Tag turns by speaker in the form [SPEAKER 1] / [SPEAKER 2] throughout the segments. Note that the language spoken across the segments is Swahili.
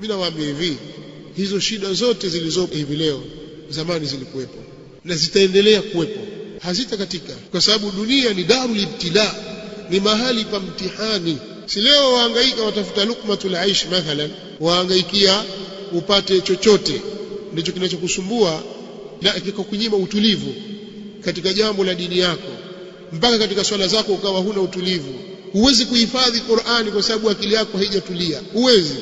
[SPEAKER 1] Mi nawaambia hivi, hizo shida zote zilizopo hivi leo zamani zilikuwepo na zitaendelea kuwepo, hazitakatika, kwa sababu dunia ni darul ibtila, ni mahali pa mtihani. Si leo waangaika watafuta lukmatul aish mathalan, waangaikia upate chochote, ndicho kinachokusumbua na kikakunyima utulivu katika jambo la dini yako, mpaka katika swala zako ukawa huna utulivu. Huwezi kuhifadhi Qur'ani kwa sababu akili yako haijatulia, huwezi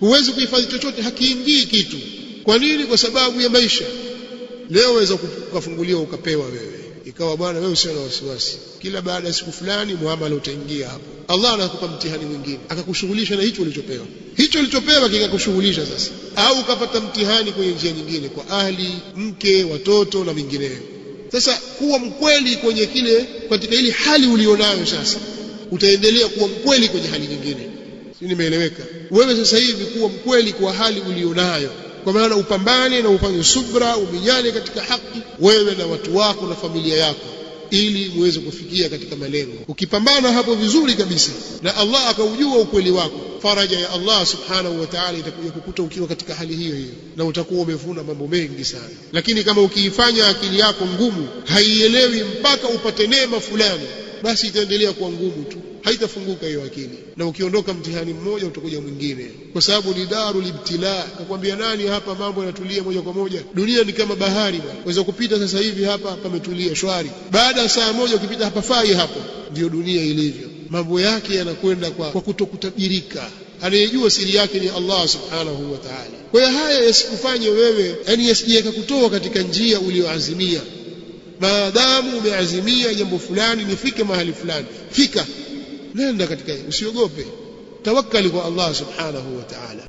[SPEAKER 1] huwezi kuhifadhi chochote hakiingii kitu kwa nini kwa sababu ya maisha leo unaweza ukafunguliwa ukapewa wewe ikawa bwana wewe usio na wasiwasi kila baada ya siku fulani muamala utaingia hapo Allah anakupa mtihani mwingine akakushughulisha na hicho ulichopewa hicho ulichopewa kikakushughulisha sasa au ukapata mtihani kwenye njia nyingine kwa ahli mke watoto na mingineyo. sasa kuwa mkweli kwenye kile katika ile hali ulionayo sasa utaendelea kuwa mkweli kwenye hali nyingine nimeeleweka? Wewe sasa hivi kuwa mkweli kwa hali ulionayo, kwa maana upambane na ufanye subra, uminyane katika haki, wewe na watu wako na familia yako, ili muweze kufikia katika malengo. Ukipambana hapo vizuri kabisa na Allah akaujua ukweli wako, faraja ya Allah subhanahu wa ta'ala itakuja kukuta ukiwa katika hali hiyo hiyo, na utakuwa umevuna mambo mengi sana. Lakini kama ukiifanya akili yako ngumu, haielewi mpaka upate neema fulani, basi itaendelea kuwa ngumu tu haitafunguka hiyo akili, na ukiondoka mtihani mmoja utakuja mwingine, kwa sababu ni daru libtila. Kakwambia nani hapa mambo yanatulia moja kwa moja? Dunia ni kama bahari bwana, waweza kupita sasa hivi hapa pametulia shwari, baada ya saa moja ukipita hapafai hapo. Ndiyo dunia ilivyo, mambo yake yanakwenda kwa, kwa kutokutabirika. Anayejua siri yake ni Allah subhanahu wa ta'ala. Kwa hiyo haya yasikufanye wewe, yani yasije yakakutoa katika njia uliyoazimia. Maadamu umeazimia jambo fulani, nifike mahali fulani, fika nenda katika usiogope tawakkali kwa Allah subhanahu wa ta'ala